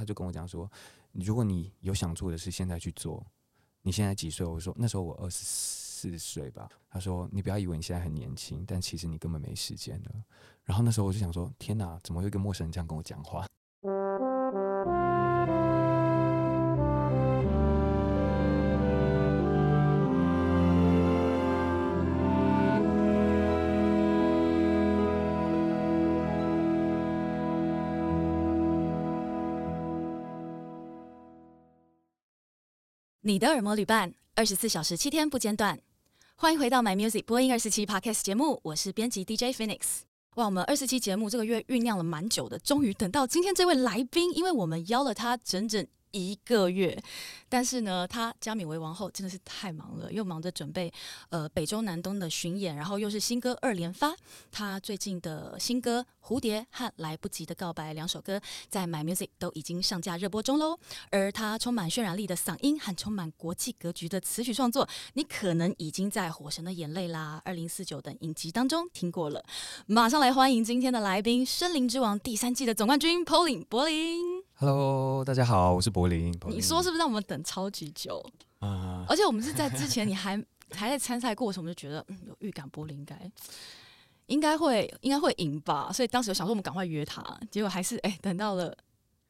他就跟我講說，如果你有想做的事，現在去做。你現在幾歲？我說那時候我二十四歲吧。他說，你不要以為你現在很年輕，但其實你根本沒時間了。然後那時候我就想說，天哪，怎麼會有一個陌生人這樣跟我講話？你的耳膜旅伴，二十四小時七天不間斷。歡迎回到《My Music 播音247》Podcast 節目，我是編輯 DJ Phoenix。哇，我們247節目這個月醞釀了蠻久的，終於等到今天這位來賓，因為我們邀了他整整，一個月，但是呢，他加冕為王後真的是太忙了，又忙着準備呃北中南東的巡演，然後又是新歌二連發。他最近的新歌《蝴蝶》和《來不及的告白》兩首歌在 My Music 都已經上架熱播中嘍。而他充滿渲染力的嗓音和充滿國際格局的詞曲創作，你可能已經在《火神的眼淚》啦、《二零四九》等影集當中聽過了。馬上來歡迎今天的來賓，《聲林之王》第三季的總冠軍 PoLin 柏霖。Hello，大家好，我是柏霖，柏霖。你說是不是讓我們等超級久啊，嗯？而且我們是在之前你還 還在參賽過程，我們就覺得嗯，有預感，柏霖應該應該會應該會贏吧。所以當時有想說我們趕快約他，結果還是誒，欸，等到了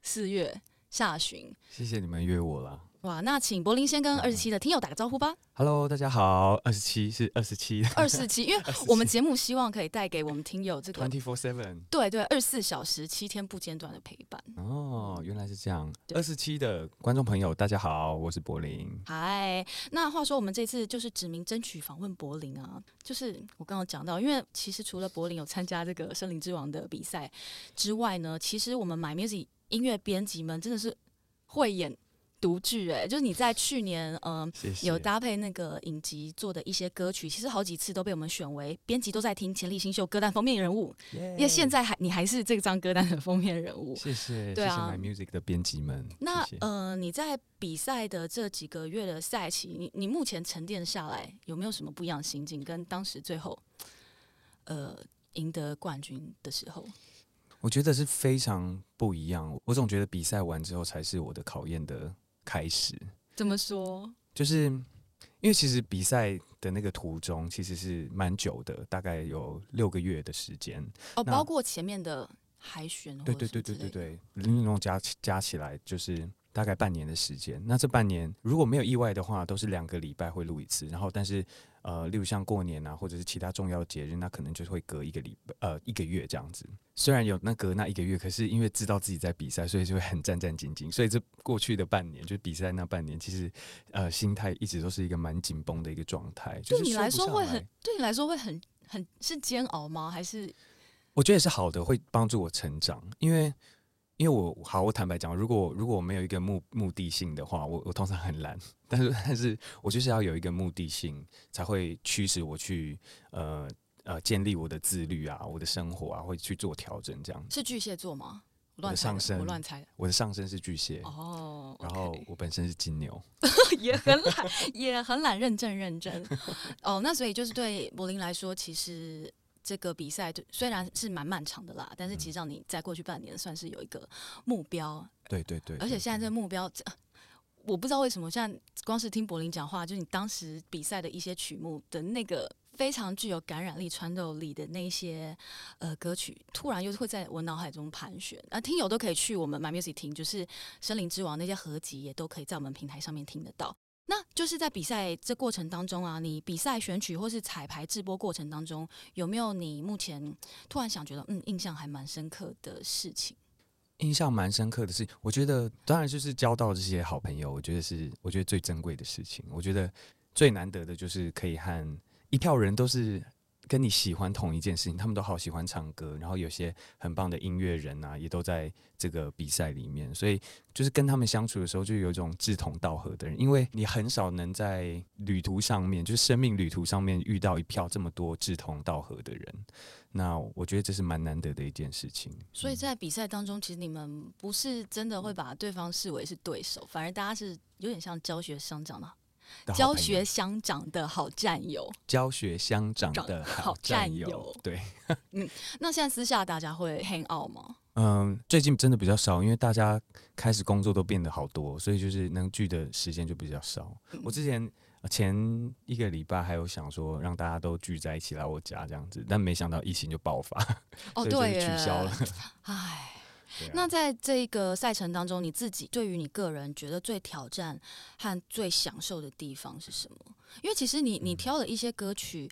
四月下旬。謝謝你們約我了。哇，那請柏霖先跟二十七的聽友打個招呼吧。Hello，大家好，二十七是二十七，二十七，因為我們節目希望可以帶給我們聽友這個 twenty four seven，對對，二十四小時七天不間斷的陪伴。哦，原來是這樣。二十七的觀眾朋友，大家好，我是柏霖。嗨，那話說我們這次就是指名爭取訪問柏霖啊，就是我剛剛講到，因為其實除了柏霖有參加這個聲林之王的比賽之外呢，其實我們 My Music 音樂編輯們真的是慧眼。獨劇哎，就是你在去年嗯、呃、有搭配那個影集做的一些歌曲，其實好幾次都被我們選為編輯都在聽潛力新秀歌單封面人物，yeah、因為現在還你還是這張歌單的封面人物。謝謝，對啊、謝謝 My Music 的編輯們。那謝謝呃，你在比賽的這幾個月的賽期，你你目前沉澱下來有沒有什麼不一樣的心境，跟當時最後呃贏得冠軍的時候，我覺得是非常不一樣。我總覺得比賽完之後才是我的考驗的。開始，怎麼說？就是因為其實比賽的那個途中其實是蠻久的，大概有六個月的時間哦，包括前面的海選。對對對對對對，那種加加起來就是大概半年的時間。那這半年如果沒有意外的話，都是兩個禮拜會錄一次。然後，但是。呃，例如像過年啊，或者是其他重要節日，那可能就會隔一個禮拜，呃，一個月這樣子。雖然有那隔那一個月，可是因為知道自己在比賽，所以就會很戰戰兢兢。所以這過去的半年，就是比賽那半年，其實呃心態一直都是一個蠻緊繃的一個狀態。對你來說會很，對你來說會很很是煎熬嗎？還是我覺得也是好的，會幫助我成長，因為。因為我好，我坦白講，如果如果我沒有一個目目的性的話，我我通常很懶，但是但是我就是要有一個目的性，才會驅使我去呃呃建立我的自律啊，我的生活啊，會去做調整，這樣子。是巨蟹座嗎？我的上我亂猜，我的上升是巨蟹哦，oh, okay. 然後我本身是金牛， 也很懶懶， 也很懶，認真認真哦，oh, 那所以就是對柏霖來說，其實。這個比賽就雖然是蠻漫長的啦，但是其實讓你在過去半年算是有一個目標。對對對。而且現在這個目標，對對對對，呃，而且現在這個目標，呃，我不知道為什麼，現在光是聽柏霖講話，就你當時比賽的一些曲目的那個非常具有感染力、穿透力的那些呃歌曲，突然又會在我腦海中盤旋。啊、呃，聽友都可以去我們 My Music 聽，就是《聲林之王》那些合集也都可以在我們平台上面聽得到。那就是在比賽這過程當中啊，你比賽選取或是彩排、直播過程當中，有沒有你目前突然想覺得嗯，印象還蠻深刻的事情？印象蠻深刻的是，我覺得當然就是交到這些好朋友，我覺得是我覺得最珍貴的事情。我覺得最難得的就是可以和一票人都是。跟你喜歡同一件事情，他們都好喜歡唱歌，然後有些很棒的音樂人啊，也都在這個比賽裡面，所以就是跟他們相處的時候，就有一種志同道合的人，因為你很少能在旅途上面，就是生命旅途上面遇到一票這麼多志同道合的人，那我覺得這是蠻難得的一件事情。嗯。所以在比賽當中，其實你們不是真的會把對方視為是對手，反而大家是有點像教學上講的。教學相長的好戰友，教學相長的好戰友，長好戰友。對，嗯，那現在私下大家會 hang out 嗎？嗯，最近真的比較少，因為大家開始工作都變得好多，所以就是能聚的時間就比較少。我之前前一個禮拜還有想說讓大家都聚在一起來我家這樣子，但沒想到疫情就爆發，哦。對，就取消了。哎啊、那在這個賽程當中，你自己對於你個人覺得最挑戰和最享受的地方是什麼？因為其實你你挑了一些歌曲，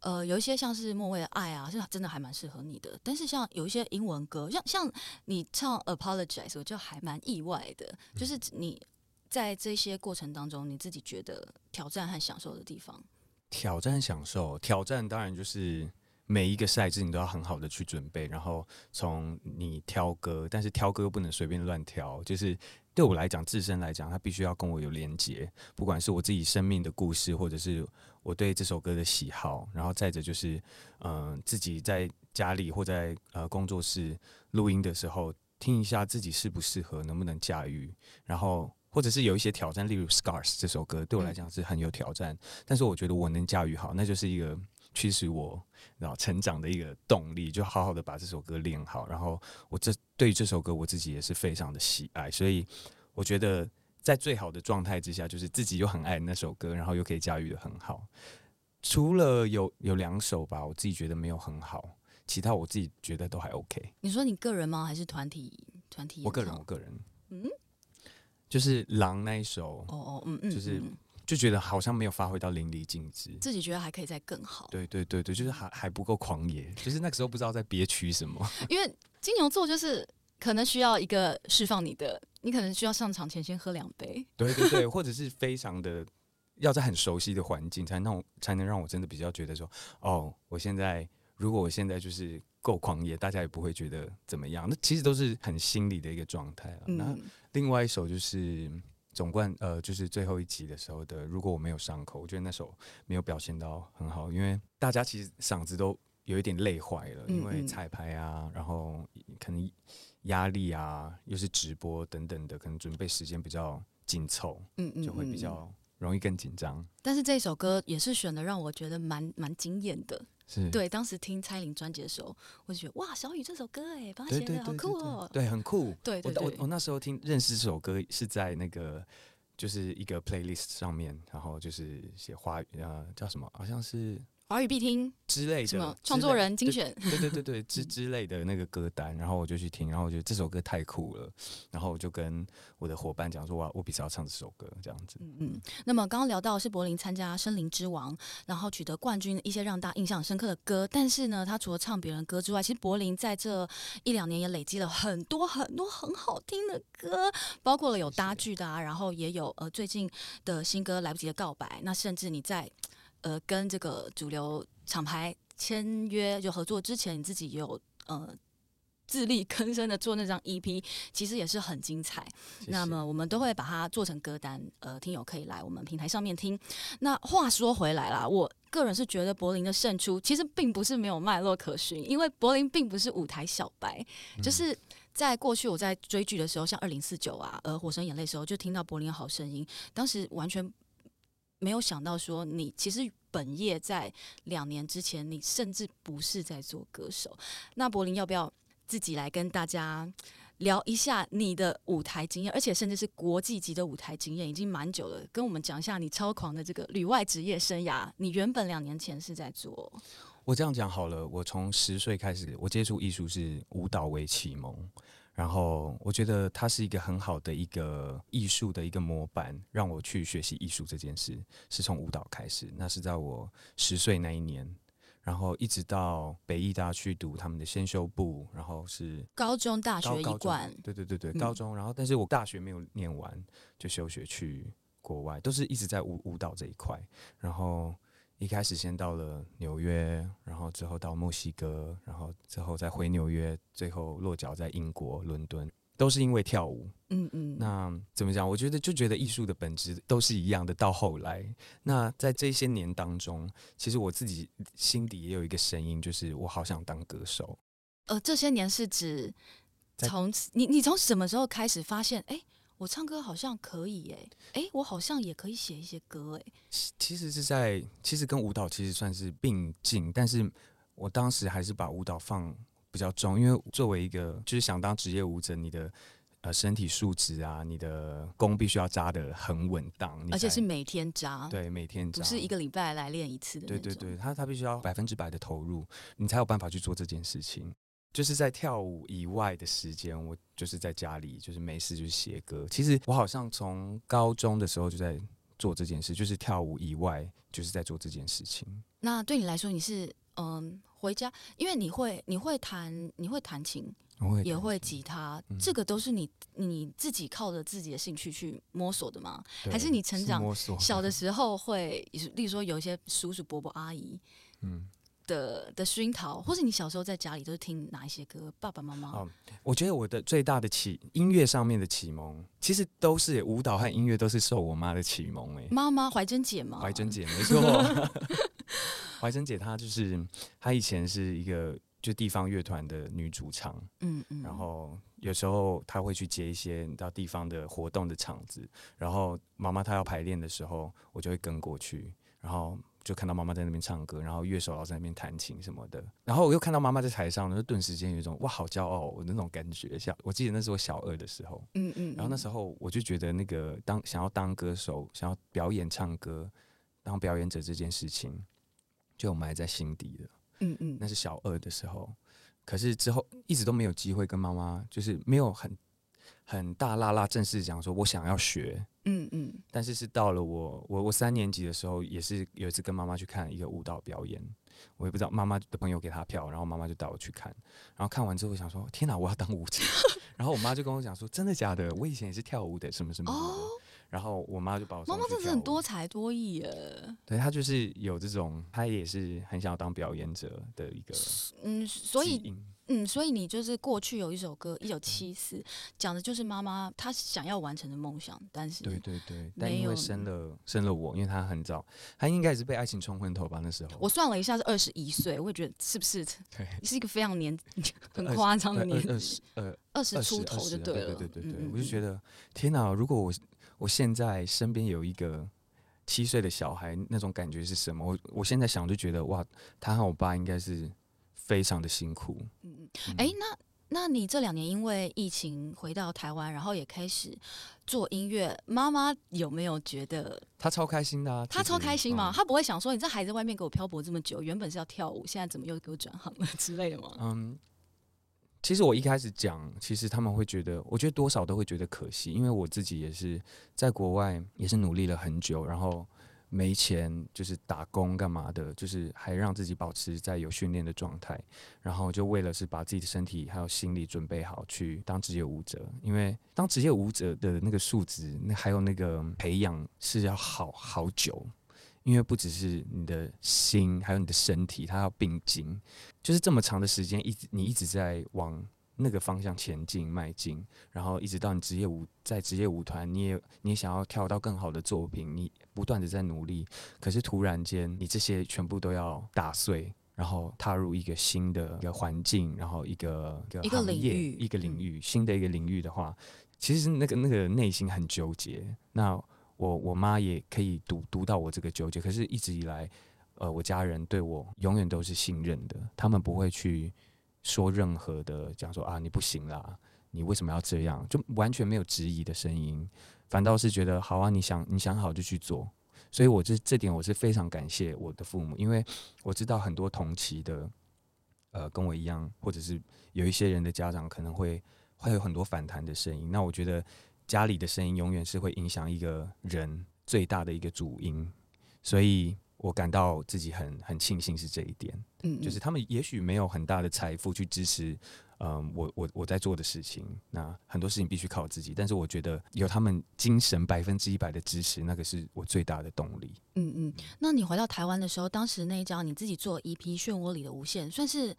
呃，有一些像是莫蔚愛啊，是真的還蠻適合你的。但是像有一些英文歌，像像你唱《Apologize》，我就還蠻意外的。就是你在這些過程當中，你自己覺得挑戰和享受的地方？挑戰、享受，挑戰當然就是。每一個賽制你都要很好的去準備，然後從你挑歌，但是挑歌不能隨便亂挑。就是對我來講，自身來講，它必須要跟我有連結，不管是我自己生命的故事，或者是我對這首歌的喜好，然後再者就是，嗯、呃，自己在家裡或在呃工作室錄音的時候，聽一下自己適不適合，能不能駕馭，然後或者是有一些挑戰，例如《Scars》這首歌對我來講是很有挑戰、嗯，但是我覺得我能駕馭好，那就是一個。驅使我然後成長的一個動力，就好好的把這首歌練好。然後我這對這首歌我自己也是非常的喜愛，所以我覺得在最好的狀態之下，就是自己又很愛那首歌，然後又可以駕馭得很好。除了有有兩首吧，我自己覺得沒有很好，其他我自己覺得都還 OK。你說你個人嗎？還是團體？團體？我個人，我個人。嗯，就是狼那一首。哦哦，嗯嗯，嗯，就是。就覺得好像沒有發揮到淋漓盡致，自己覺得還可以再更好。對對對對，就是還還不夠狂野，其實那個時候不知道在憋屈什麼。 因為金牛座就是可能需要一個釋放你的，你可能需要上場前先喝兩杯。對對對，或者是非常的要在很熟悉的環境才能 才能讓我真的比較覺得說，哦，我現在如果我現在就是夠狂野，大家也不會覺得怎麼樣。那其實都是很心理的一個狀態。嗯。那另外一首就是。總冠呃，就是最後一集的時候的，如果我沒有傷口，我覺得那首沒有表現到很好，因為大家其實嗓子都有一點累壞了，嗯嗯，因為彩排啊，然後可能壓力啊，又是直播等等的，可能準備時間比較緊湊，嗯嗯，就會比較容易更緊張。嗯嗯嗯。但是這首歌也是選的，讓我覺得蠻蠻驚豔的。是，對，當時聽蔡依林專輯的時候，我就覺得哇，小雨這首歌哎、欸，幫他寫的對對對對對，好酷哦、喔，對，很酷。對，對，對，我我我那時候聽認識這首歌是在那個就是一個 playlist 上面，然後就是寫花語呃叫什麼，好像是。華語必聽之類什麼創作人精選，對對對對之 之類的那個歌單，然後我就去聽，然後我覺得這首歌太酷了，然後我就跟我的夥伴講說，哇，我我必須要唱這首歌這樣子。嗯，那麼剛剛聊到是柏霖參加聲林之王，然後取得冠軍，一些讓大家印象深刻的歌。但是呢，他除了唱別人歌之外，其實柏霖在這一兩年也累積了很多很多很好聽的歌，包括了有搭劇的啊，然後也有呃最近的新歌來不及的告白。那甚至你在。呃，跟這個主流廠牌簽約就合作之前，你自己也有呃自力更生的做那張 EP，其實也是很精彩謝謝。那麼我們都會把它做成歌單，呃，聽友可以來我們平台上面聽。那話說回來啦，我個人是覺得柏霖的勝出其實並不是沒有脈絡可循，因為柏霖並不是舞台小白，嗯、就是在過去我在追劇的時候，像二零四九啊，呃，火神眼淚時候就聽到柏霖的好聲音，當時完全。沒有想到說你其實本業在兩年之前，你甚至不是在做歌手。那柏霖要不要自己來跟大家聊一下你的舞台經驗，而且甚至是國際級的舞台經驗，已經蠻久了。跟我們講一下你超狂的這個旅外職業生涯。你原本兩年前是在做，我這樣講好了。我從十歲開始，我接觸藝術是舞蹈為啟蒙。然後我覺得它是一個很好的一個藝術的一個模板，讓我去學習藝術這件事是從舞蹈開始。那是在我十歲那一年，然後一直到北藝大去讀他們的先修部，然後是高，高，高，中高中大學一貫，對對對對，高中。嗯、然後但是我大學沒有念完就休學去國外，都是一直在舞舞蹈這一塊，然後。一開始先到了紐約，然後之後到墨西哥，然後之後再回紐約，最後落腳在英國倫敦，都是因為跳舞。嗯嗯。那怎麼講？我覺得就覺得藝術的本質都是一樣的。到後來，那在這些年當中，其實我自己心底也有一個聲音，就是我好想當歌手。呃，這些年是指從你你從什麼時候開始發現？哎、欸。我唱歌好像可以欸，欸，我好像也可以寫一些歌欸。其其實是在，其實跟舞蹈其實算是並進，但是我當時還是把舞蹈放比較重，因為作為一個就是想當職業舞者，你的呃身體素質啊，你的功必須要扎得很穩當，而且是每天扎，對，每天扎，不是一個禮拜來練一次的。對對對，他他必須要百分之百的投入，你才有辦法去做這件事情。就是在跳舞以外的時間，我就是在家裡，就是沒事就寫歌。其實我好像從高中的時候就在做這件事，就是跳舞以外就是在做這件事情。那對你來說，你是，嗯，回家，因為你會你會彈你會彈琴，琴，也會吉他，嗯，這個都是你你自己靠着自己的興趣去摸索的嗎？還是你成長小的時候會，例如說有一些叔叔伯伯阿姨，嗯。的的熏陶或是你小時候在家裡都是聽哪一些歌？爸爸媽媽，嗯、哦，我覺得我的最大的啟音樂上面的啟蒙，其實都是舞蹈和音樂都是受我媽的啟蒙。哎，媽媽懷珍姐嗎？懷珍姐沒錯，懷 珍姐她就是她以前是一個就地方樂團的女主唱，嗯嗯，然後有時候她會去接一些你知道到地方的活動的場子，然後媽媽她要排練的時候，我就會跟過去，然後。就看到媽媽在那邊唱歌，然後樂手老師在那邊彈琴什麼的，然後我又看到媽媽在台上，就頓時間有一種哇好驕傲那種感覺，像我記得那是我小二的時候，嗯嗯，嗯，然後那時候我就覺得那個當想要當歌手、想要表演唱歌、當表演者這件事情，就埋在心底了，嗯嗯，那是小二的時候，可是之後一直都沒有機會跟媽媽，就是沒有很很大剌剌，正式講說我想要學。嗯嗯，但是是到了我我我三年級的時候，也是有一次跟媽媽去看一個舞蹈表演，我也不知道媽媽的朋友給她票，然後媽媽就帶我去看，然後看完之後我想說天哪，啊，我要當舞者， 然後我媽就跟我講說真的假的，我以前也是跳舞的什麼什麼，然後我媽就把我……媽媽真是很多才多藝耶，對她就是有這種，她也是很想要當表演者的一個，嗯，所以。嗯，所以你就是過去有一首歌《一九七四》，嗯，講的就是媽媽她想要完成的夢想，但是對對對，但因為生了、嗯、生了我，因為她很早，她應該也是被愛情沖昏頭吧？那時候我算了一下是二十一歲，我會覺得是不是對是一個非常年很誇張的年紀？二十,二十呃二十出頭就對了。啊，對對對，對，對，嗯，我就覺得天哪！如果我我現在身邊有一個七歲的小孩，那種感覺是什麼？我我現在想就覺得哇，他和我爸應該是非常的辛苦，嗯，哎，欸，那那你這兩年因為疫情回到台灣，然後也開始做音樂，媽媽有沒有覺得她超開心的啊？她超開心嗎？嗯，她不會想說你這孩子外面給我漂泊這麼久，原本是要跳舞，現在怎麼又給我轉行了之類的嗎？嗯，其實我一開始講，其實他們會覺得，我覺得多少都會覺得可惜，因為我自己也是在國外，也是努力了很久，然後。沒錢就是打工幹嘛的，就是還讓自己保持在有訓練的狀態，然後就為了是把自己的身體還有心理準備好去當職業舞者，因為當職業舞者的那個素質，那還有那個培養是要好好久，因為不只是你的心，還有你的身體，它要並進，就是這麼長的時間，一直你一直在往。那個方向前進邁進，然後一直到你職業舞在職業舞團，你也你也想要跳到更好的作品，你不斷的在努力。可是突然間，你這些全部都要打碎，然後踏入一個新的一個環境，然後一個、一個行業、一個領域，一個領域、嗯、新的一個領域的話，其實那個那個內心很糾結。那我我媽也可以讀讀到我這個糾結。可是一直以來，呃，我家人對我永遠都是信任的，他們不會去。說任何的講說啊，你不行啦，你為什麼要這樣？就完全沒有質疑的聲音，反倒是覺得好啊，你想你想好就去做。所以我這這點我是非常感謝我的父母，因為我知道很多同期的，呃，跟我一樣，或者是有一些人的家長可能會會有很多反彈的聲音。那我覺得家裡的聲音永遠是會影響一個人最大的一個主因，所以。我感到自己很很慶幸是這一點，嗯，嗯，就是他們也許沒有很大的財富去支持，嗯、呃，我我我在做的事情，那很多事情必須靠自己，但是我覺得有他們精神百分之一百的支持，那個是我最大的動力。嗯嗯，嗯，那你回到台灣的時候，當時那一張你自己做 EP《漩渦裡的無限》，算是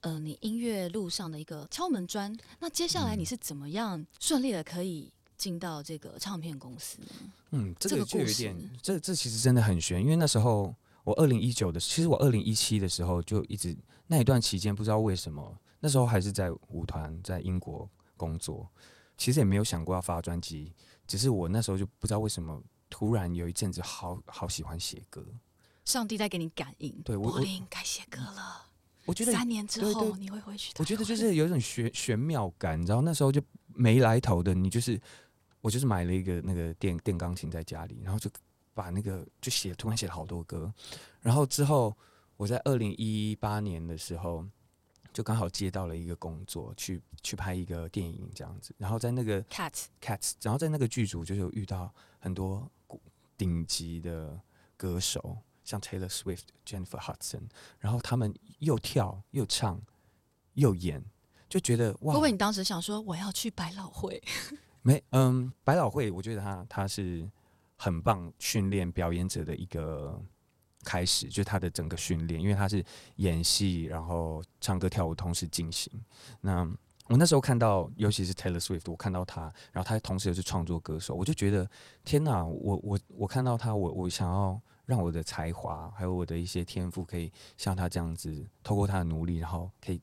呃你音樂路上的一個敲門磚。那接下來你是怎麼樣順利的可以、嗯？進到這個唱片公司，嗯、這個就有點，這個故事，這這其實真的很玄，因為那時候我二零一九的，其實我二零一七的時候就一直那一段期間，不知道為什麼，那時候還是在舞團，在英國工作，其實也沒有想過要發專輯，只是我那時候就不知道為什麼，突然有一陣子好好喜歡寫歌，上帝在給你感應，對，柏霖該寫歌了，我覺得三年之後你會回去，對對對，你會回去，我覺得就是有一種玄玄妙感，然後那時候就沒來頭的，你就是。我就是買了一個那個電電鋼琴在家裡，然後就把那個就寫，突然寫了好多歌。然後之後我在二零一八年的時候，就剛好接到了一個工作，去去拍一個電影這樣子。然後在那個《Cats, Cats》，然後在那個劇組，就有遇到很多頂級的歌手，像 Taylor Swift、Jennifer Hudson，然後他們又跳又唱又演，就覺得哇！會不會你當時想說我要去百老匯？ 沒，嗯，百老匯，我覺得他他是很棒訓練表演者的一個開始，就是他的整個訓練，因為他是演戲，然後唱歌跳舞，同時進行。那我那時候看到，尤其是 Taylor Swift，我看到他，然後他同時又是創作歌手，我就覺得天哪，我我我看到他，我我想要讓我的才華還有我的一些天賦，可以像他這樣子，透過他的努力，然後可以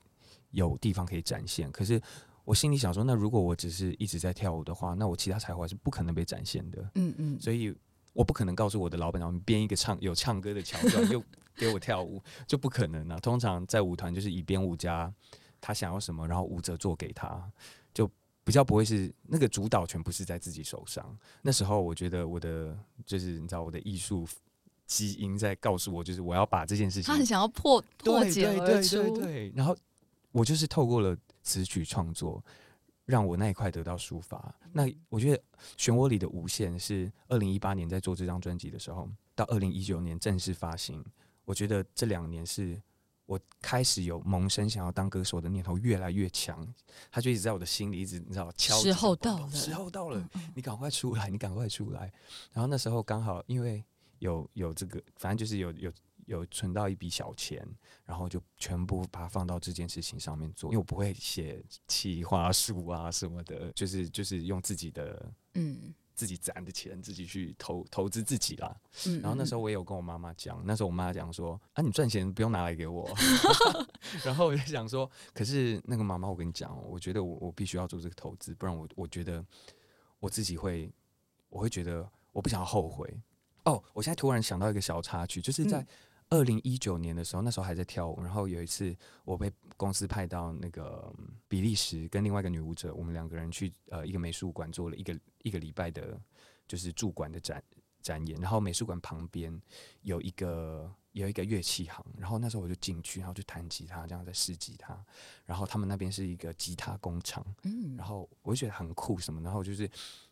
有地方可以展現。可是。我心裡想說，那如果我只是一直在跳舞的話，那我其他才華是不可能被展現的。嗯嗯，所以我不可能告訴我的老闆娘，編一個唱有唱歌的橋段，又 給我跳舞，就不可能了，啊。通常在舞團就是以編舞家他想要什麼，然後舞者做給他，就比較不會是那個主導權不是在自己手上。那時候我覺得我的就是你知道我的藝術基因在告訴我，就是我要把這件事情，他很想要破破解而出，對，對，對，對，對，然後我就是透過了。詞曲創作讓我那一塊得到抒發。嗯。那我覺得漩渦裡的無限是二零一八年在做這張專輯的時候，到二零一九年正式發行，我覺得這兩年是我開始有萌生想要當歌手的念頭越來越強。他就一直在我的心裡，一直你知道敲，時候到了，棒棒時候到了，嗯嗯你趕快出來，你趕快出來。然後那時候剛好因為有有這個，反正就是有有。有存到一筆小錢，然後就全部把它放到這件事情上面做，因為我不會寫企劃書啊什麼的，就是就是用自己的嗯自己攢的錢，自己去投投資自己啦，嗯。然後那時候我也有跟我媽媽講，那時候我媽講說啊，你賺錢不用拿來給我。 然後我就想說，可是那個媽媽，我跟你講我覺得我我必須要做這個投資，不然我我覺得我自己會，我會覺得我不想要後悔。哦、oh，我現在突然想到一個小插曲，就是在。嗯二零一九年的時候，那時候還在跳舞。然後有一次，我被公司派到那個比利時，跟另外一個女舞者，我們兩個人去呃一個美術館做了一個一個禮拜的，就是駐館的展展演。然後美術館旁邊有一個有一個樂器行，然後那時候我就進去，然後就彈吉他，這樣在試吉他。然後他們那邊是一個吉他工廠，嗯，然後我就覺得很酷什麼。然後就是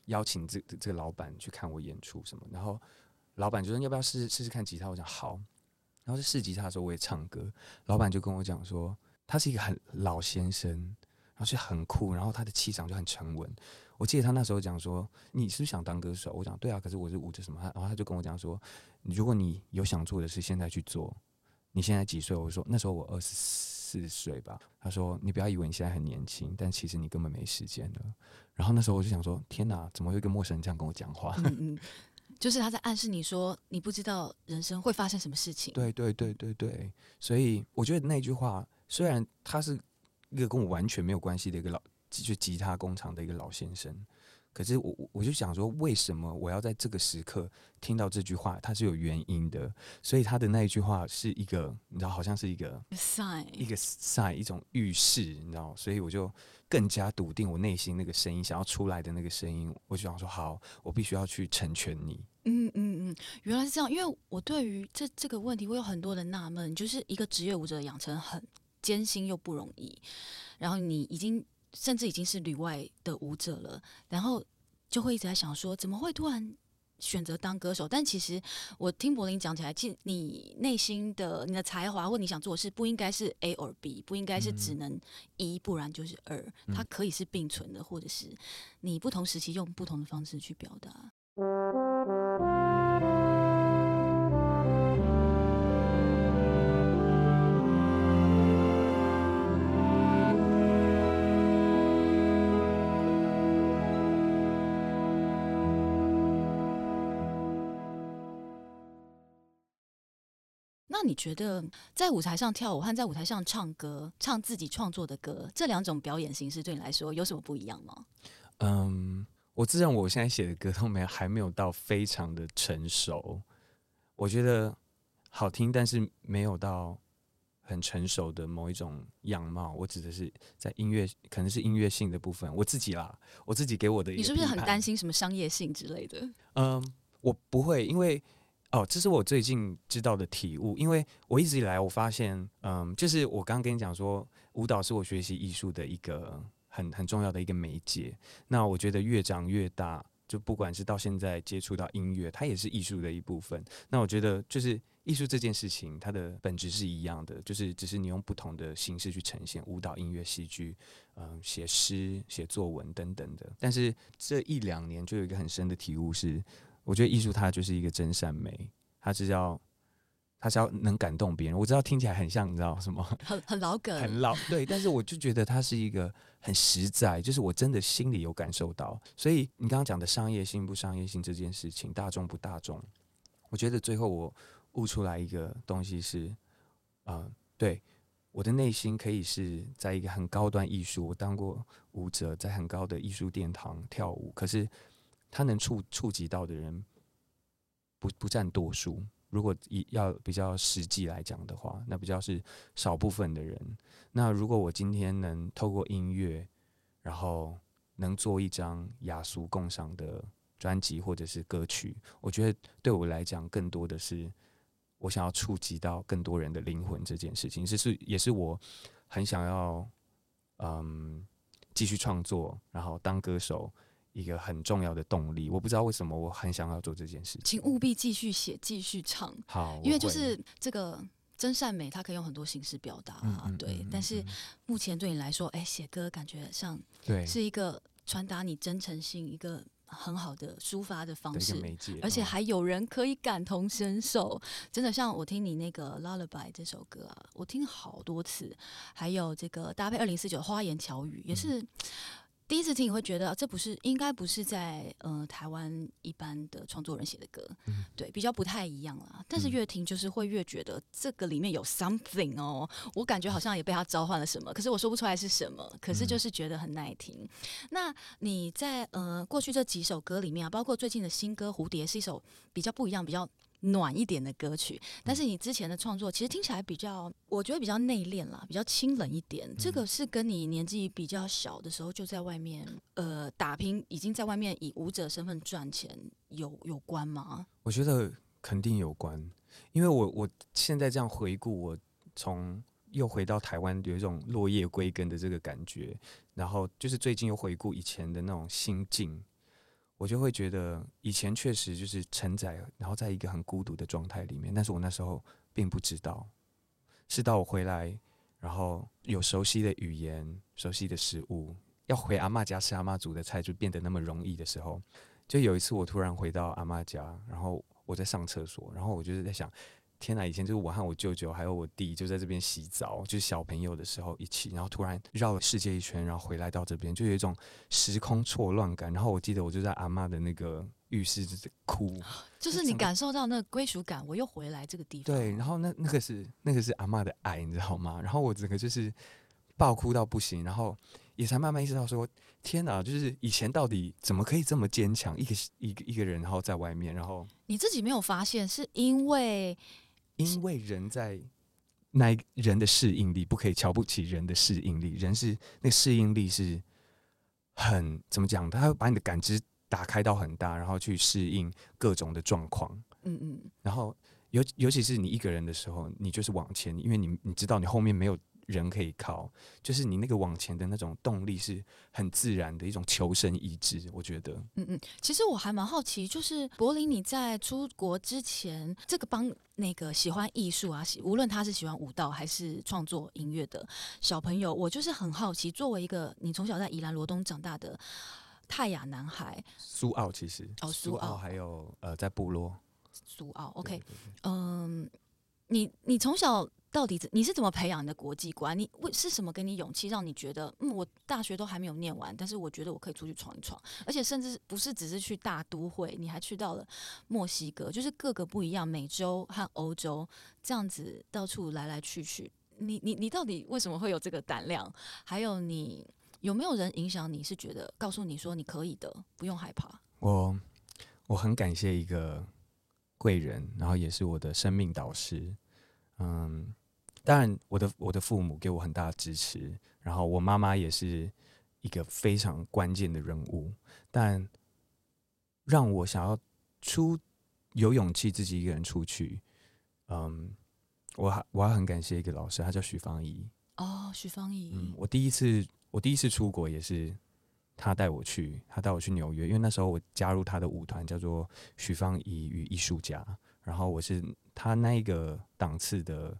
邀請這這個老闆去看我演出什麼。然後老闆就說，你要不要試試試試看吉他？我想好。然後在試吉他的時候，我也唱歌。老闆就跟我講說，他是一個很老先生，然後就很酷，然後他的氣場就很沉穩。我記得他那時候講說，你是不是想當歌手？我講對啊，可是我是舞者什麼？然後他就跟我講說，如果你有想做的事，現在去做。你現在幾歲？我說那時候我二十四歲吧。他說，你不要以為你現在很年輕，但其實你根本沒時間了。然後那時候我就想說，天哪、啊，怎麼會有一個陌生人這樣跟我講話？嗯嗯就是他在暗示你說，你不知道人生會發生什麼事情。對對對對對，所以我覺得那句話，雖然他是一個跟我完全沒有關係的一個老就是吉他工廠的一個老先生，可是我我就想說，為什麼我要在這個時刻聽到這句話？它是有原因的。所以他的那一句話是一個你知道，好像是一個、A、sign，一個 sign，一種預示，你知道，所以我就更加篤定我內心那個聲音，想要出來的那個聲音，我就想說好，我必須要去成全你。原來是這樣，因為我對於這這個問題，我有很多的納悶。就是一個職業舞者養成很艱辛又不容易，然後你已經甚至已經是旅外的舞者了，然後就會一直在想說，怎麼會突然選擇當歌手？但其實我聽柏霖講起來，其實你內心的你的才華或你想做的事，不應該是 A 或 B，不應該是只能一，不然就是二，它可以是並存的，或者是你不同時期用不同的方式去表達。那你覺得在舞台上跳舞和在舞台上唱歌，唱自己創作的歌，這兩種表演形式對你來說有什麼不一樣嗎？嗯，我自認為我現在寫的歌都沒還沒有到非常的成熟，我覺得好聽，但是沒有到很成熟的某一種樣貌。我指的是在音樂，可能是音樂性的部分。我自己啦，我自己給我的，你是不是很擔心什麼商業性之類的？嗯，我不會，因為。哦，這是我最近知道的體悟，因為我一直以來我發現，嗯，就是我剛剛跟你講說，舞蹈是我學習藝術的一個很很重要的一個媒介。那我覺得越長越大，就不管是到現在接觸到音樂，它也是藝術的一部分。那我覺得就是藝術這件事情，它的本質是一樣的，就是只是你用不同的形式去呈現，舞蹈、音樂、戲劇，嗯，寫詩、寫作文等等的。但是這一兩年就有一個很深的體悟是。我覺得藝術它就是一個真善美，它是要，它是要能感動別人。我知道聽起來很像，你知道什麼？很很老梗，很老，對。但是我就覺得它是一個很實在， 就是我真的心裡有感受到。所以你剛剛講的商業性不商業性這件事情，大眾不大眾，我覺得最後我悟出來一個東西是，啊、呃，對，我的內心可以是在一個很高端藝術，我當過舞者，在很高的藝術殿堂跳舞，可是。他能觸觸及到的人不、不不佔多數。如果以要比較實際來講的話，那比較是少部分的人。那如果我今天能透過音樂，然後能做一張雅俗共賞的專輯或者是歌曲，我覺得對我來講更多的是我想要觸及到更多人的靈魂這件事情。其實也是我很想要嗯繼續創作，然後當歌手。一個很重要的動力，我不知道為什麼我很想要做這件事情。請務必繼續寫，繼續唱。好，因為就是這個真善美，它可以用很多形式表達、嗯、哈，對，嗯嗯、但是、嗯、目前對你來說，哎、欸，寫歌感覺像是一個傳達你真誠性一個很好的抒發的方式媒介，而且還有人可以感同身受。嗯、真的，像我聽你那個《Lullaby》這首歌、啊，我聽好多次，還有這個搭配二零四九《花言巧語》也是。嗯第一次聽你會覺得、啊，這不是應該不是在呃台灣一般的創作人寫的歌，嗯，對，比較不太一樣啦。但是越聽就是會越覺得這個裡面有 something 哦，嗯、我感覺好像也被他召喚了什麼，可是我說不出來是什麼，可是就是覺得很耐聽。嗯、那你在呃過去這幾首歌裡面啊，包括最近的新歌《蝴蝶》是一首比較不一樣、比較。暖一點的歌曲，但是你之前的創作其實聽起來比較，我覺得比較內斂啦，比較清冷一點。這個是跟你年紀比較小的時候就在外面呃打拼，已經在外面以舞者身份賺錢有有關嗎？我覺得肯定有關，因為我我現在這樣回顧，我從又回到台灣，有一種落葉歸根的這個感覺，然後就是最近又回顧以前的那種心境。我就會覺得以前確實就是承載，然後在一個很孤獨的狀態裡面，但是我那時候並不知道，是到我回來，然後有熟悉的語言、熟悉的食物，要回阿媽家吃阿媽煮的菜，就變得那麼容易的時候，就有一次我突然回到阿媽家，然後我在上廁所，然後我就是在想，天吶！以前就是我和我舅舅還有我弟就在這邊洗澡，就是小朋友的時候一起，然後突然繞了世界一圈，然後回來到這邊，就有一種時空錯亂感。然後我記得我就在阿媽的那個浴室就是哭，就是你感受到那個歸屬感，我又回來這個地方。對，然後那那個是那個是阿媽的愛，你知道嗎？然後我整個就是爆哭到不行，然後也才慢慢意識到說，天啊，就是以前到底怎麼可以這麼堅強，一個一個一個人然後在外面，然後你自己沒有發現是因為。因為人在那人的適應力，不可以瞧不起人的適應力。人是那適應力是很怎麼講？他會把你的感知打開到很大，然後去適應各種的狀況。嗯嗯，然後尤尤其是你一個人的時候，你就是往前，因為你你知道你後面沒有。人可以靠，就是你那個往前的那種動力是很自然的一種求生意志，我覺得。嗯嗯，其實我還蠻好奇，就是柏霖，你在出國之前，這個幫那個喜歡藝術啊，無論他是喜歡舞蹈還是創作音樂的小朋友，我就是很好奇，作為一個你從小在宜蘭羅東長大的泰雅男孩，蘇澳其實，哦，Oh，蘇澳還有呃，在部落蘇澳，OK，嗯，你你從小。到底你是怎麼培養你的國際觀？你為是什麼給你勇氣，讓你覺得嗯，我大學都還沒有念完，但是我覺得我可以出去闖一闖，而且甚至不是只是去大都會，你還去到了墨西哥，就是各個不一樣，美洲和歐洲這樣子到處來來去去。你你你到底為什麼會有這個膽量？還有你有沒有人影響？你是覺得告訴你說你可以的，不用害怕。我我很感謝一個貴人，然後也是我的生命導師，嗯。當然，我的我的父母給我很大的支持，然後我媽媽也是一個非常關鍵的人物。但讓我想要出有勇氣自己一個人出去，嗯，我還我還很感謝一個老師，他叫許芳宜。哦，許芳宜。嗯，我第一次我第一次出國也是他帶我去，他帶我去紐約，因為那時候我加入他的舞團，叫做許芳宜與藝術家。然後我是他那一個檔次的。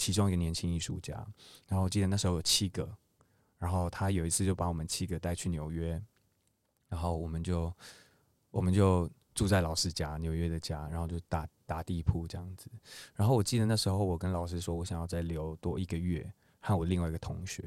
其中一個年輕藝術家，然後我記得那時候有七個，然後他有一次就把我們七個帶去紐約，然後我們就我們就住在老師家，紐約的家，然後就打打地鋪這樣子。然後我記得那時候我跟老師說，我想要再留多一個月，和我另外一個同學，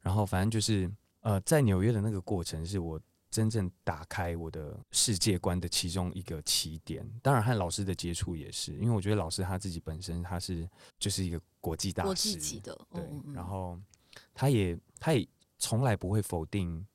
然後反正就是呃，在紐約的那個過程是我。真正打開我的世界觀的其中一個起點，當然和老師的接觸也是，因為我覺得老師他自己本身他是就是一個國際大師，對、嗯，然後他也他也從來不會否定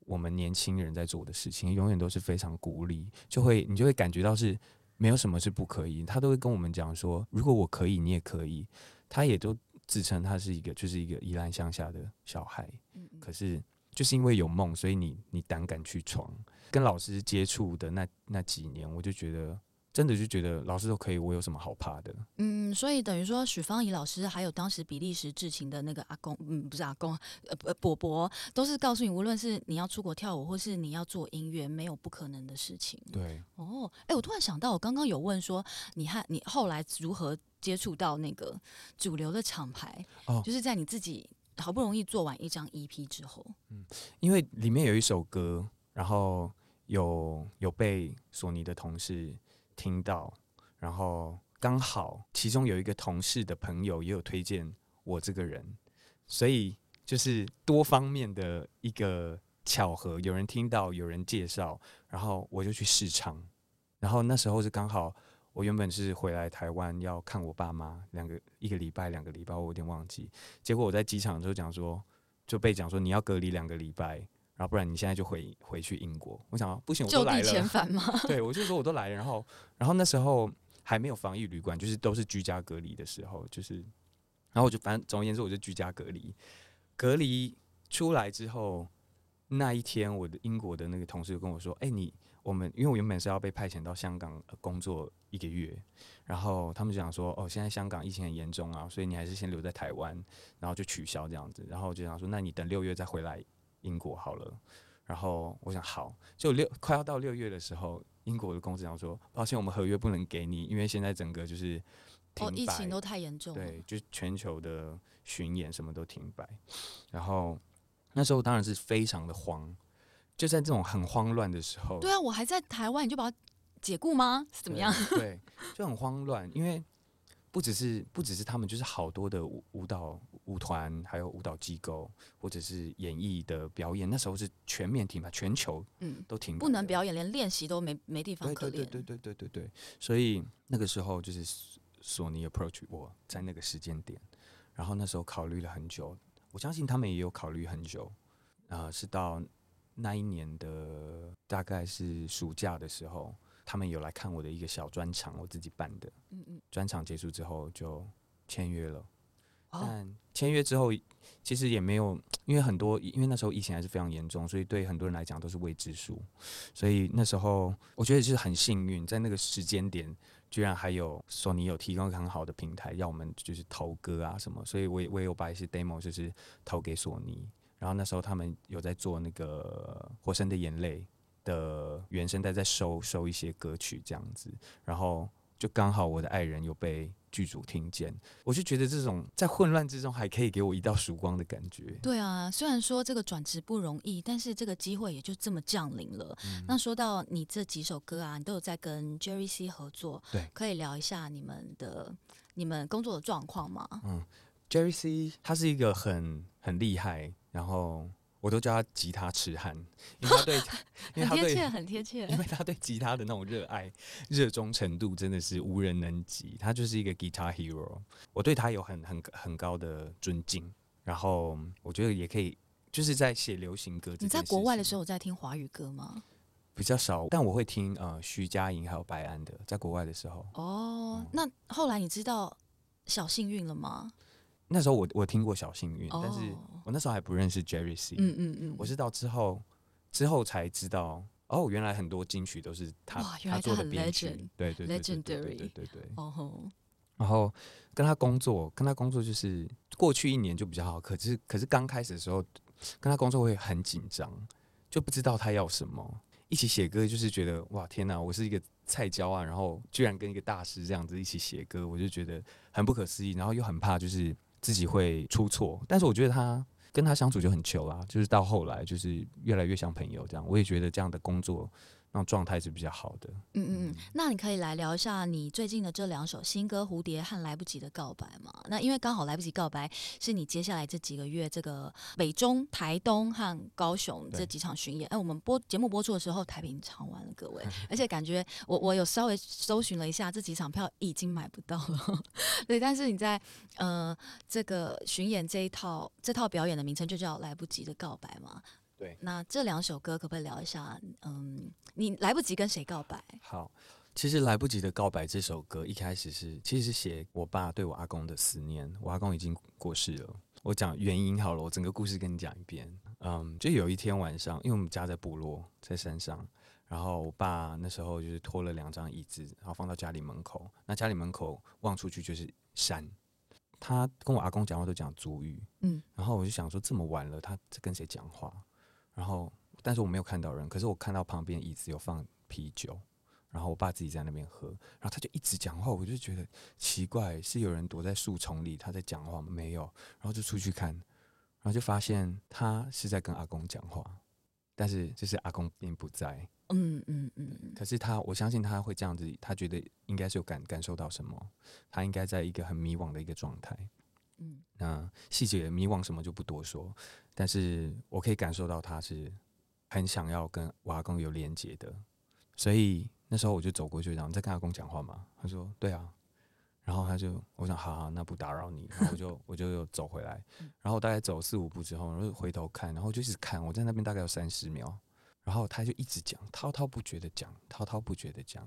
我們年輕人在做的事情，永遠都是非常鼓勵，就會你就會感覺到是沒有什麼是不可以，他都會跟我們講說，如果我可以，你也可以，他也都自稱他是一個就是一個宜蘭鄉下的小孩，嗯、可是。就是因為有夢，所以你你膽敢去闖。跟老師接觸的那那幾年，我就覺得真的就覺得老師都可以，我有什麼好怕的？嗯，所以等於說許芳宜老師，還有當時比利時至情的那個阿公，嗯，不是阿公，呃，不，伯伯都是告訴你，無論是你要出國跳舞，或是你要做音樂，沒有不可能的事情。對，哦，哎、欸，我突然想到，我剛剛有問說，你還你後來如何接觸到那個主流的廠牌？哦，就是在你自己。好不容易做完一張 EP 之後，嗯，因為裡面有一首歌，然後有有被索尼的同事聽到，然後剛好其中有一個同事的朋友也有推薦我這個人，所以就是多方面的一個巧合，有人聽到，有人介紹，然後我就去試唱，然後那時候是剛好。我原本是回來台灣要看我爸媽，兩個一個禮拜兩個禮拜，我有點忘記。結果我在機場就講說，就被講說你要隔離兩個禮拜，然後不然你現在就回回去英國。我想不行，我都來了就，對，我就說我都來了。然後，然後那時候還沒有防疫旅館，就是都是居家隔離的時候，就是，然後我就反正總而言之我就居家隔離。隔離出來之後那一天，我的英國的那個同事就跟我說：“哎、欸，你。”我們因為我原本是要被派遣到香港工作一個月，然後他們講說，哦，現在香港疫情很嚴重啊，所以你還是先留在台灣，然後就取消這樣子。然後就想說，那你等六月再回來英國好了。然後我想好，就六快要到六月的時候，英國的公司講說，抱歉，我們合約不能給你，因為現在整個就是停擺，哦，疫情都太嚴重了，對，就全球的巡演什麼都停擺。然後那時候當然是非常的慌。就在這種很慌亂的時候，對啊，我還在台灣，你就把它解雇嗎？是怎麼樣？對，對就很慌亂， 因為不只是不只是他們，就是好多的舞蹈舞蹈舞團，還有舞蹈機構，或者是演藝的表演，那時候是全面停吧，全球嗯都停嗯，不能表演，連練習都沒沒地方可練。對對,對對對對對對對，所以那個時候就是索尼 approach 我在那個時間點，然後那時候考慮了很久，我相信他們也有考慮很久啊、呃，是到。那一年的大概是暑假的時候，他們有來看我的一個小專場，我自己辦的。嗯、專場結束之後就簽約了，哦、但簽約之後其實也沒有，因為很多，因為那時候疫情還是非常嚴重，所以對很多人來講都是未知數。所以那時候我覺得就是很幸運，在那個時間點，居然還有索尼有提供很好的平台，讓我們就是投歌啊什麼。所以我也我也有把一些 demo 就是投給索尼。然後那時候他們有在做那個《火神的眼淚》的原聲帶，在收收一些歌曲這樣子，然後就剛好我的愛人有被劇組聽見，我就覺得這種在混亂之中還可以給我一道曙光的感覺。對啊，雖然說這個轉職不容易，但是這個機會也就這麼降臨了。嗯、那說到你這幾首歌啊，你都有在跟 Jerry C 合作，對，可以聊一下你們的你們工作的狀況嗎？嗯，Jerry C 他是一個很很厲害。然後我都叫他吉他痴漢，因為他對，呵呵他對很貼切，很貼切，因為他對吉他的那種熱愛、熱衷程度真的是無人能及。他就是一個 Guitar Hero，我對他有很很很高的尊敬。然後我覺得也可以，就是在寫流行歌。你在國外的時候有在聽華語歌嗎？比較少，但我會聽呃徐佳瑩還有白安的。在國外的時候哦、oh, 嗯，那後來你知道小幸運了嗎？那時候我我聽過小幸運、哦，但是我那時候還不認識 Jerry C。嗯嗯嗯，我是到之後之後才知道，哦，原來很多金曲都是他他做的編曲，對對，legendary，對對對,對,對,對,對,對,對,對,對、哦。然後跟他工作，跟他工作就是過去一年就比較好，可是可是剛開始的時候跟他工作會很緊張，就不知道他要什麼。一起寫歌就是覺得哇天吶、啊，我是一個菜椒啊，然後居然跟一個大師這樣子一起寫歌，我就覺得很不可思議，然後又很怕就是。自己會出錯，但是我覺得他跟他相處就很球糗啊。就是到後來就是越來越像朋友這樣。我也覺得這樣的工作。那狀態是比較好的嗯。嗯嗯，那你可以來聊一下你最近的這兩首新歌《蝴蝶》和《來不及的告白》嗎？那因為剛好《來不及告白》是你接下來這幾個月這個北中台東和高雄這幾場巡演。哎、欸，我們播節目播出的時候，台已唱完了，各位。 而且感覺我我有稍微搜尋了一下，這幾場票已經買不到了。 對，但是你在呃這個巡演這一套這套表演的名稱就叫《來不及的告白》嘛？對，那這兩首歌可不可以聊一下？嗯，你來不及跟誰告白？好，其實來不及的告白這首歌一開始是其實寫我爸對我阿公的思念。我阿公已經過世了，我講原因好了，我整個故事跟你講一遍。嗯，就有一天晚上，因為我們家在部落，在山上，然後我爸那時候就是拖了兩張椅子，然後放到家裡門口。那家裡門口望出去就是山。他跟我阿公講話都講族語，嗯，然後我就想說，這麼晚了，他在跟誰講話？然後，但是我沒有看到人，可是我看到旁邊椅子有放啤酒，然後我爸自己在那邊喝，然後他就一直講話，我就覺得奇怪，是有人躲在樹叢裡他在講話嗎？沒有，然後就出去看，然後就發現他是在跟阿公講話，但是就是阿公並不在。嗯嗯嗯，可是他，我相信他會這樣子，他覺得應該是有感感受到什麼，他應該在一個很迷惘的一個狀態。嗯，那細節迷惘什麼就不多說，但是我可以感受到他是很想要跟阿公有連接的，所以那時候我就走過去，然後我在跟阿公講話嘛，他說對啊，然後他就，我想，好，好，那不打擾你，然後我，我就我就又走回來， 然後大概走四五步之後，我就回頭看，然後就一直看，我在那邊大概有三十秒，然後他就一直講，滔滔不絕的講，滔滔不絕的講，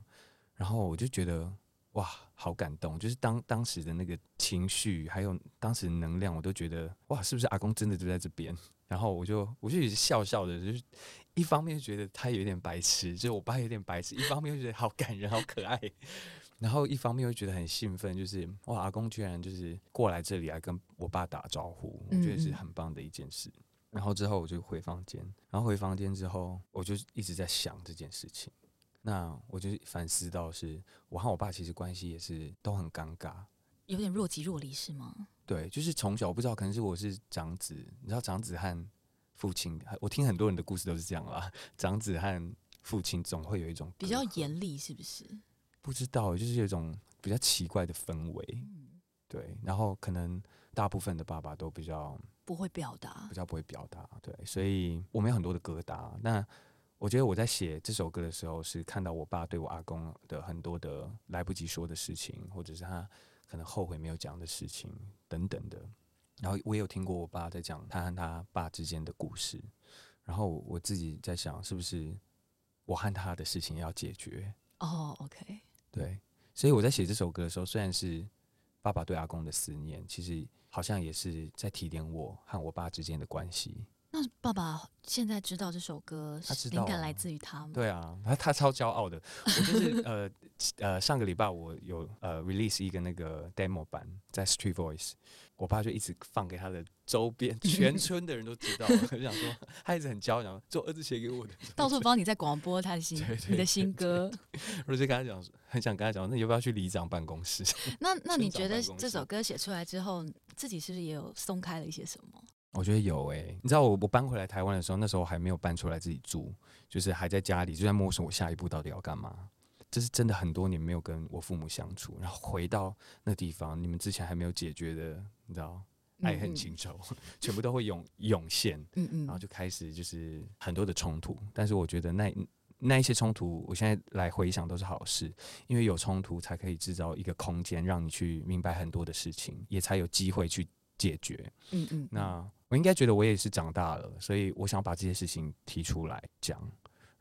然後我就覺得。哇，好感動！就是當當時的那個情緒，還有當時的能量，我都覺得哇，是不是阿公真的就在這邊？然後我就我就一直笑笑的，就是一方面覺得他有點白癡，就是我爸有點白癡；一方面又覺得好感人、 好可愛；然後一方面又覺得很興奮，就是哇，阿公居然就是過來這裡來跟我爸打招呼，我覺得是很棒的一件事。嗯、然後之後我就回房間，然後回房間之後，我就一直在想這件事情。那我就反思到是，是我和我爸其實關係也是都很尷尬，有點若即若離，是嗎？對，就是從小我不知道，可能是我是長子，你知道長子和父親，我聽很多人的故事都是這樣啦。長子和父親總會有一種比較嚴厲，是不是？不知道，就是有一種比較奇怪的氛圍。嗯。對。然後可能大部分的爸爸都比較不會表達，比較不會表達。對，所以我們有很多的疙瘩。那。我覺得我在寫這首歌的時候，是看到我爸對我阿公的很多的來不及說的事情，或者是他可能後悔沒有講的事情等等的。然後我也有聽過我爸在講他和他爸之間的故事。然後我自己在想，是不是我和他的事情要解決？哦，OK，對。所以我在寫這首歌的時候，雖然是爸爸對阿公的思念，其實好像也是在提點我和我爸之間的關係。那爸爸現在知道這首歌是靈感來自於他嗎？他知道啊。對啊，他他超驕傲的。我就是呃呃，上個禮拜我有呃 release 一個那個 demo 版在 Street Voice，我爸就一直放給他的周邊，全村的人都知道。 很想說，他一直很驕傲，講說兒子寫給我的， 到處幫你在廣播他的新。對對對，你的新歌對對對，我就跟他講，很想跟他講，那你要不要去里長辦公室？那那你覺得這首歌寫出來之後，自己是不是也有鬆開了一些什麼？我覺得有誒、欸，你知道我我搬回來台灣的時候，那時候我還沒有搬出來自己住，就是還在家裡，就在摸索我下一步到底要幹嘛。這是真的很多年沒有跟我父母相處，然後回到那地方，你們之前還沒有解決的，你知道愛恨情仇，嗯嗯全部都會湧湧現，嗯嗯然後就開始就是很多的衝突。但是我覺得那那一些衝突，我現在來回想都是好事，因為有衝突才可以制造一個空間，讓你去明白很多的事情，也才有機會去。解決，嗯嗯，那我應該覺得我也是長大了，所以我想把這些事情提出來講。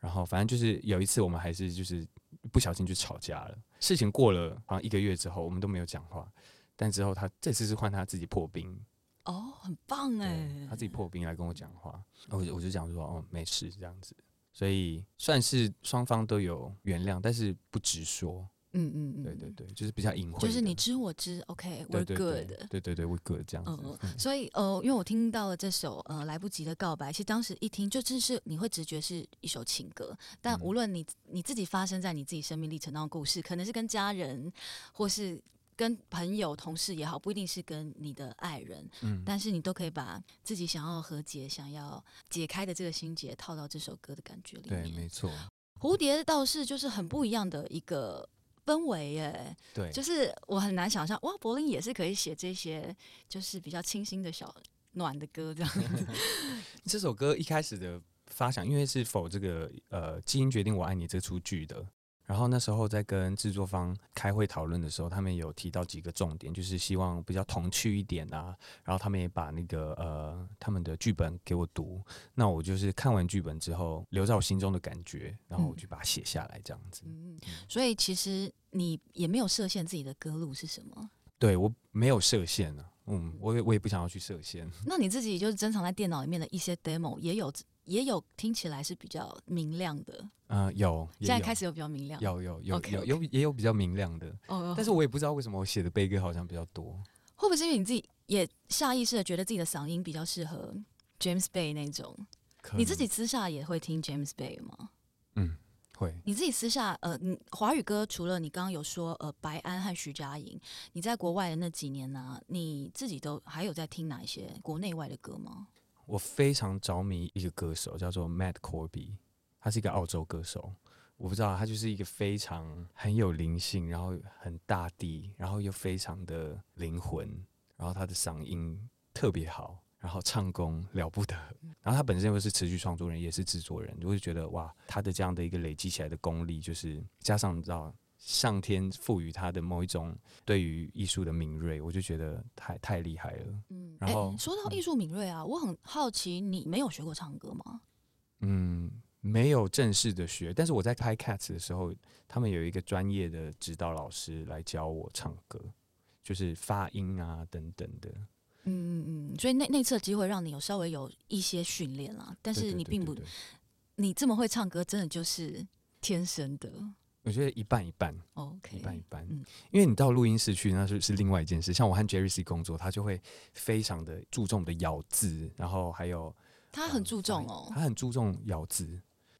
然後反正就是有一次我們還是就是不小心就吵架了，事情過了好像一個月之後我們都沒有講話，但之後他這次是換他自己破冰，哦，很棒哎，他自己破冰來跟我講話，我我就講說哦沒事這樣子，所以算是雙方都有原諒，但是不直說。嗯嗯嗯，對對對，就是比較隱晦，就是你知我知，OK，we're good，對對對，we're good 這樣子。嗯，所以呃，因為我聽到了這首呃《來不及的告白》，其實當時一聽就真是你會直覺是一首情歌，但無論你你自己發生在你自己生命歷程當中的故事，可能是跟家人或是跟朋友、同事也好，不一定是跟你的愛人，嗯，但是你都可以把自己想要和解、想要解開的這個心結套到這首歌的感覺裡面。對，沒錯。蝴蝶倒是就是很不一樣的一個氛圍耶，對，就是我很難想象哇，柏霖也是可以寫這些，就是比較清新的小暖的歌這樣。 這首歌一開始的發想，因為是 for 這個呃基因決定我愛你這齣劇的。然後那時候在跟製作方開會討論的時候，他們有提到幾個重點，就是希望比較童趣一點啊。然後他們也把那個呃他們的劇本給我讀，那我就是看完劇本之後留在我心中的感覺，然後我就把它寫下來，嗯，這樣子，嗯。所以其實你也沒有設限自己的歌路是什麼？對，我沒有設限啊，嗯，我也我也不想要去設限。那你自己就是珍藏在電腦裡面的一些 demo 也有。也有聽起來是比較明亮的，嗯、呃，有，有。現在開始有比較明亮，有有有 okay, 有、okay. 也有比較明亮的。哦、oh, oh。但是我也不知道為什麼我寫的悲歌好像比較多。會不會是因為你自己也下意識的覺得自己的嗓音比較適合 James Bay 那種？你自己私下也會聽 James Bay 嗎？嗯，會。你自己私下呃，你華語歌除了你剛剛有說呃，白安和徐佳瑩，你在國外的那幾年呢、啊，你自己都還有在聽哪一些國內外的歌嗎？我非常着迷一個歌手，叫做 Matt Corby，他是一個澳洲歌手。我不知道他就是一個非常很有靈性，然後很大地，然後又非常的靈魂，然後他的嗓音特別好，然後唱功了不得。嗯。然後他本身又是持續創作人，也是製作人。我就會覺得哇，他的這樣的一個累積起來的功力，就是加上你知道。上天賦予他的某一種對於藝術的敏銳，我就覺得太太厲害了。嗯，然後、欸、說到藝術敏銳啊，嗯、我很好奇，你沒有學過唱歌嗎？嗯，沒有正式的學，但是我在拍 Cats 的時候，他們有一個專業的指導老師來教我唱歌，就是發音啊等等的。嗯嗯嗯，所以那那次的機會讓你有稍微有一些訓練啊。但是你並不，對對對對對，你這麼會唱歌，真的就是天生的。我覺得一半一半 okay, 一半一半。嗯，因為你到錄音室去，那、就是是另外一件事。像我和 Jerry C 工作，他就會非常的注重我的咬字，然後還有他很注重哦、嗯，他很注重咬字。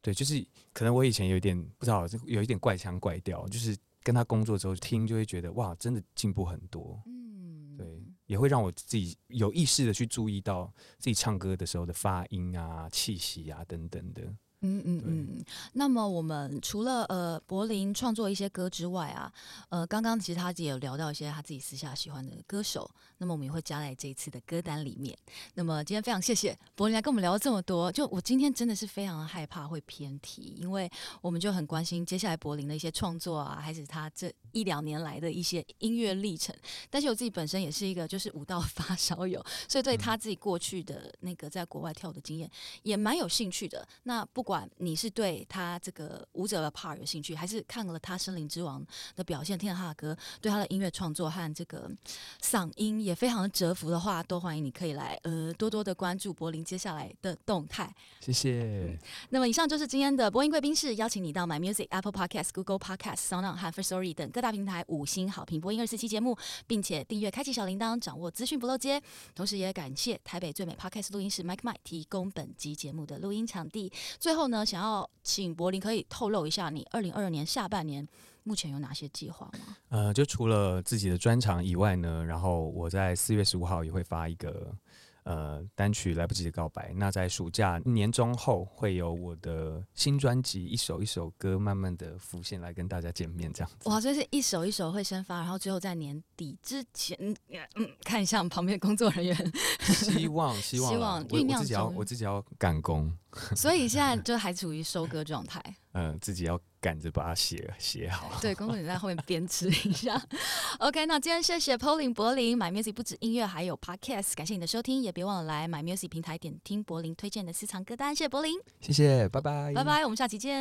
對，就是可能我以前有一點不知道，有一點怪腔怪調。就是跟他工作之後，聽就會覺得哇，真的進步很多。嗯，對，也會讓我自己有意識的去注意到自己唱歌的時候的發音啊、氣息啊等等的。嗯嗯嗯，那麼我們除了呃柏霖創作一些歌之外啊，呃，剛剛其實他也有聊到一些他自己私下喜歡的歌手，那麼我們也會加在這一次的歌單裡面。那麼今天非常謝謝柏霖來跟我們聊了這麼多，就我今天真的是非常害怕會偏題，因為我們就很關心接下來柏霖的一些創作啊，還是他這一兩年來的一些音樂歷程。但是我自己本身也是一個就是舞蹈發燒友，所以對他自己過去的那個在國外跳的經驗也蠻有興趣的。那不。不管你是對他這個舞者的 part 有興趣，還是看了他《聲林之王》的表現，聽了哈哥對他的音樂創作和這個嗓音也非常折服的話，都歡迎你可以來，呃，多多的關注柏霖接下來的動態。謝謝、嗯。那麼以上就是今天的播音貴賓室，邀請你到 My Music、Apple Podcast、Google Podcast、Sound On 和 Firstory 等各大平台五星好評播音二十四期節目，並且訂閱、開啟小鈴鐺，掌握資訊不漏接。同時，也感謝台北最美 Podcast 錄音室 micmind 提供本集節目的錄音場地。最後。後呢，想要請柏霖可以透露一下，你二零二二年下半年目前有哪些計劃嗎？呃，就除了自己的專場以外呢，然後我在四月十五號也會發一個呃單曲《來不及的告白》。那在暑假年中後會有我的新專輯，一首一首歌慢慢的浮現來跟大家見面。這樣子，哇，這是一首一首會先發，然後最後在年底之前，嗯，看一下旁邊的工作人員。希望希望，希望醞、啊、釀 我，我自己要，嗯、我自己要趕工。所以現在就還處於收割狀態。嗯，自己要趕着把它寫寫好。對，工作人員在後面鞭策一下。 OK，那今天謝謝 PoLin 柏霖，MyMusic 不止音樂，還有 podcast，感謝你的收聽，也別忘了來 MyMusic 平台點聽柏霖推薦的私藏歌單。謝謝柏霖，謝謝，拜拜，拜拜，我們下期見。